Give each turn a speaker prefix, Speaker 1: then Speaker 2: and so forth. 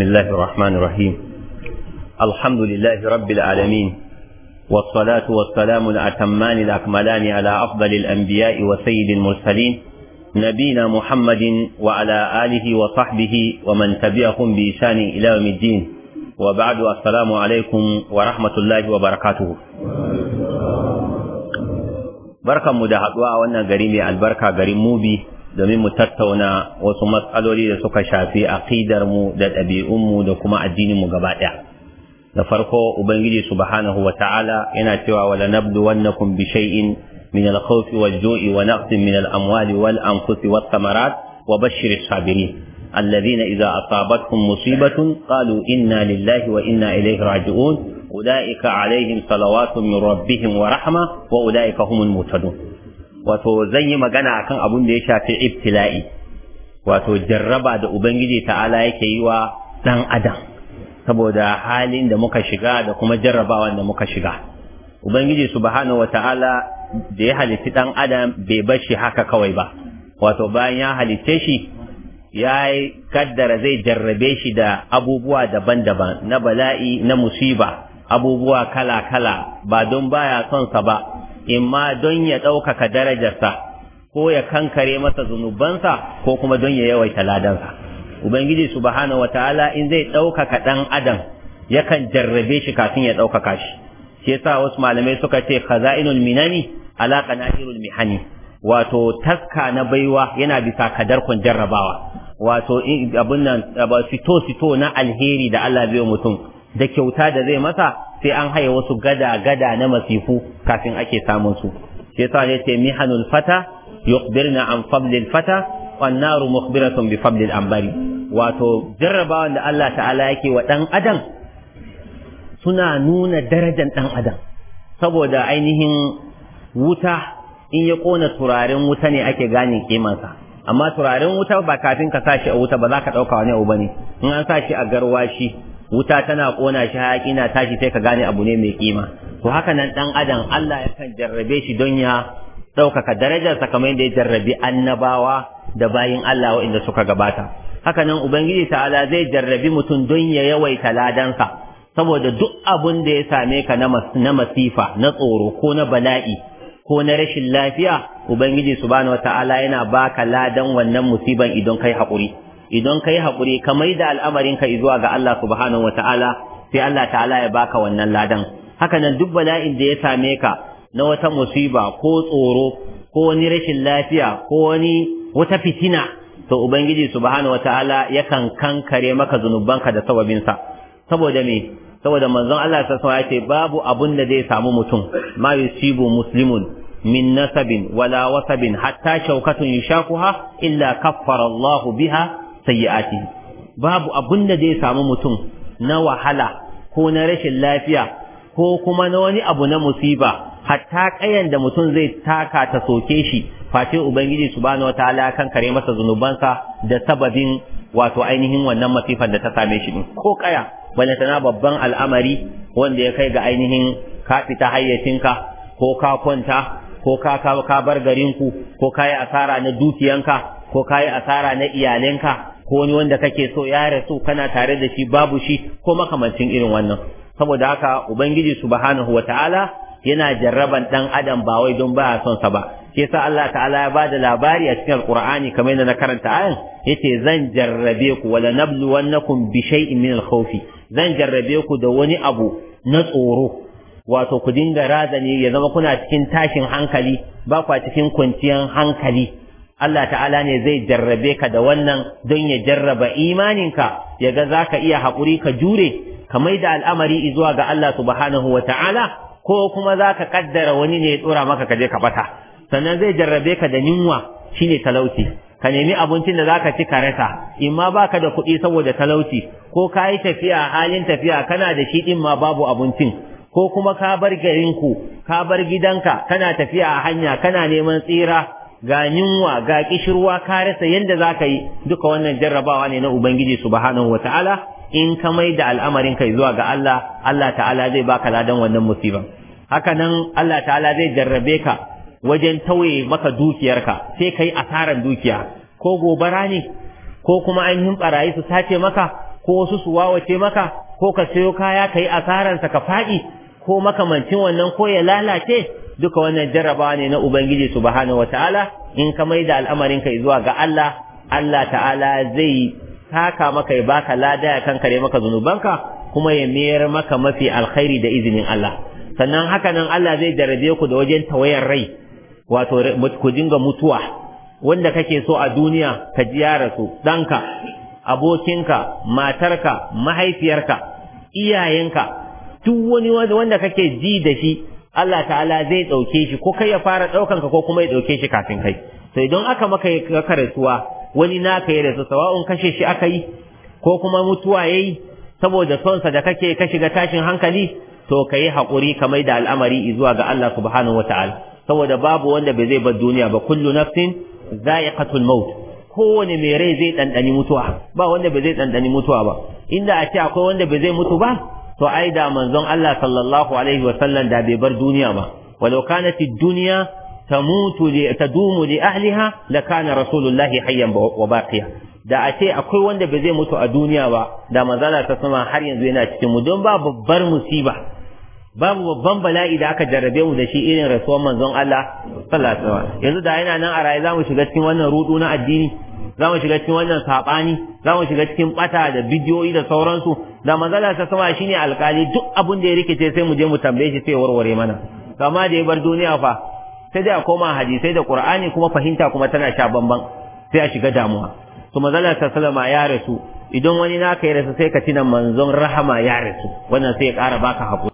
Speaker 1: بسم الله الرحمن الرحيم الحمد لله رب العالمين والصلاة والسلام الأتمان الأكملان على أفضل الأنبياء وسيد المرسلين نبينا محمد وعلى آله وصحبه ومن تبعهم بإسان إلى يوم الدين وبعد السلام عليكم ورحمة الله وبركاته بركة مدهدوا وانا قريبي البركة قريب موبي domin mu tattauna wasu matsaloli da suka shafi aqidar mu da ɗabi'un mu da kuma addinin mu gaba ɗaya da farko ubangiji subhanahu wa ta'ala yana cewa wala nabdu wannakum bi shay'in min al-khawfi wal-ju'i wa naqsin min al-amwali wal-anfusi wath-thamarat wa bashshir as-sabirin musibatun إذا أصابتهم lillahi قالوا إنا لله وإنا إليه راجعون أولئك عليهم صلوات wa rahma wa ula'ika هم المهتدون wato zan yi magana akan abun da ya shafi ibtila'i wato jarraba da ubangiji ta'ala yake yi wa dan adam saboda halin da muka shiga da kuma jarrabawan da muka shiga ubangiji subhanahu wata'ala da ya halitti dan adam bai bar shi haka kawai ba wato bayan ya halitte shi ya kaddara zai jarrabe shi da abubuwa daban-daban na bala'i na musiba abubuwa kala-kala ba don baya son sa ba imma don ya ɗaukaka darajarsa ko ya kankare masa zunubansa ko kuma don ya yawaita ladansa ubangiji subhanahu wataala in zai ɗaukaka ɗan adam yakan jarrabe shi kafin ya ɗaukaka shi shi yasa wasu malamai suka ce khaza'inul minani ala qanatirul mihani wato taska na baiwa yana bisa kadarkon jarrabawa wato abin nan fito fito na alheri da Allah zai mutum da kyauta da zai masa sai an haye wasu gada-gada na masifu kafin ake samun su sai sa ne ce mihanul fata yukhbirna an fadlil fata wan naru mukhbiratun bi fadlil anbari wato jarrabawar da Allah ta'ala yake wa dan adam suna nuna darajar dan adam saboda ainihin wuta in ya kona turaren wuta ne ake gane kimansa amma turaren wuta ba kafin ka sashi a wuta ba za ka dauka wani abu bane in an sashi a garwashi wuta tana kona shi haƙi na tashi sai ka gane abu ne mai kima to haka nan dan adam Allah kan jarrabe shi don ya ɗaukaka darajarsa kamar yadda ya jarrabi annabawa da bayin Allah waɗanda suka gabata haka nan ubangiji ta'ala zai jarrabi mutum don ya yawaita ladansa saboda duk abun da ya same ka na masifa na tsoro ko na bala'i ko na rashin lafiya ubangiji subhanahu wata'ala yana baka ladan wannan musiban idan kai haƙuri idan kai haƙuri ka mai da al'amarin ka zuwa ga Allah subhanahu ta'ala) sai Allah ta'ala ya baka wannan ladan haka nan duk bala'in da ya same ka na wata musiba ko tsoro ko wani rashin lafiya ko wani wata fitina to ubangiji subhanahu ta'ala) yakan kankare maka zunubanka da sababinsa saboda me saboda manzon Allah ta ce babu abun da zai samu mutum ma yusibu muslimun min nasabin wala wasabin hatta shaukatun yushakuha illa kaffara Allah biha sayyiati babu abun da zai samu mutum na wahala ko na rashin lafiya ko kuma na wani abu na musiba hatta kayan da mutum zai taka ta soke shi face ubangiji subhanahu wataala kan kare masa zunubansa da sababin wato ainihin wannan masifan da ta same shi din ko kaya balle tana babban al'amari wanda ya kai ga ainihin ka fita hayyacinka ko ka kwanta ko ka ka bar garinku ko ka yi asara na dukiyanka ko ka yi asara na iyalinka ko wani wanda kake so ya rasu kana tare da shi babu shi ko makamancin irin wannan saboda haka ubangiji subhanahu wataala yana jarraban dan adam ba wai don baya son sa ba shi yasa Allah ta'ala ya bada labari a cikin alqur'ani kamar yadda na karanta ayan yace zan jarrabe ku wala wannakum bi shay'in min alkhawfi zan jarrabe ku da wani abu na tsoro wato ku dinga razani ya zama kuna cikin tashin hankali ba kwa cikin kwanciyar hankali Allah ta'ala ne zai jarrabe ka da wannan don ya jarraba imaninka ya ga za ka iya haƙuri ka jure ka mai da al'amari zuwa ga Allah subhanahu wa ta'ala ko kuma za ka kaddara wani ne ya tsora maka ka je ka bata sannan zai jarrabe ka da yunwa shine talauci ka nemi abincin da za ka ci ka rasa in ma baka da kuɗi saboda talauci ko ka yi tafiya halin tafiya kana da shi in ma babu abincin ko kuma ka bar garinku ka bar gidanka kana tafiya a hanya kana neman tsira ga yunwa ga kishirwa ka rasa yanda zaka yi duka wannan jarrabawa ne na ubangiji subhanahu wataala in ka mai da al'amarin kai zuwa ga Allah Allah ta'ala zai baka ladan wannan musiba haka nan Allah ta'ala zai jarrabe ka wajen tauye maka dukiyarka sai kai asaran dukiya ko gobara ne ko kuma ainihin barayi su sace maka ko wasu su wawace maka ko ka sayo kaya kai sa ka faɗi ko makamancin wannan ko ya lalace duka wannan jarrabawa ne na ubangiji subhanahu wataala in ka maida al'amarin ka zuwa ga Allah Allah ta'ala zai taka maka ya baka lada ya kankare maka zunubanka kuma ya mayar maka mafi alkhairi da izinin Allah sannan haka nan Allah zai jarabe ku da wajen tawayar rai wato ku dinga mutuwa wanda kake so a duniya ka ji ya rasu ɗanka abokinka matarka mahaifiyarka iyayenka duk wani wanda kake ji da shi Allah ta'ala zai ɗauke shi ko kai ya fara daukan ka ko kuma ya ɗauke shi kafin kai Sai don aka maka karatuwa rasuwa wani naka ya rasu sawa'un kashe shi aka yi ko kuma mutuwa yayi saboda sonsa da kake ka shiga tashin hankali to ka hakuri haƙuri ka mai da al'amari zuwa ga Allah subhanahu wa saboda babu wanda bai zai bar duniya ba kullu nafsin za'iqatul maut kowane mai rai zai ɗanɗani mutuwa ba wanda bai zai ɗanɗani mutuwa ba inda a ce akwai wanda bai zai mutu ba to ai da manzon Allah sallallahu alaihi wa sallam da bai bar duniya ba walau kanat ad-dunya tamutu li tadumu li ahliha la kana rasulullahi hayyan wa baqiya da a ce akwai wanda ba zai mutu a duniya ba da manzala ta sama har yanzu yana cikin mu don ba babbar musiba babu babban bala'i da aka jarrabe mu da shi irin rasuwar manzon Allah sallallahu alaihi yanzu da yana nan a za mu shiga cikin wannan rudu na addini za mu shiga cikin wannan saɓani za mu shiga cikin ɓata da bidiyoyi da sauransu da manzala ta sama shine alƙali duk abin da ya rikice sai mu je mu tambaye shi sai warware mana kama da ya bar duniya fa sai dai a koma hadisai da qur'ani kuma fahimta kuma tana sha bamban sai a shiga damuwa to manzala ta sallama ya rasu idan wani naka ya rasu sai ka tina manzon rahama ya rasu wannan sai ya ƙara baka haƙuri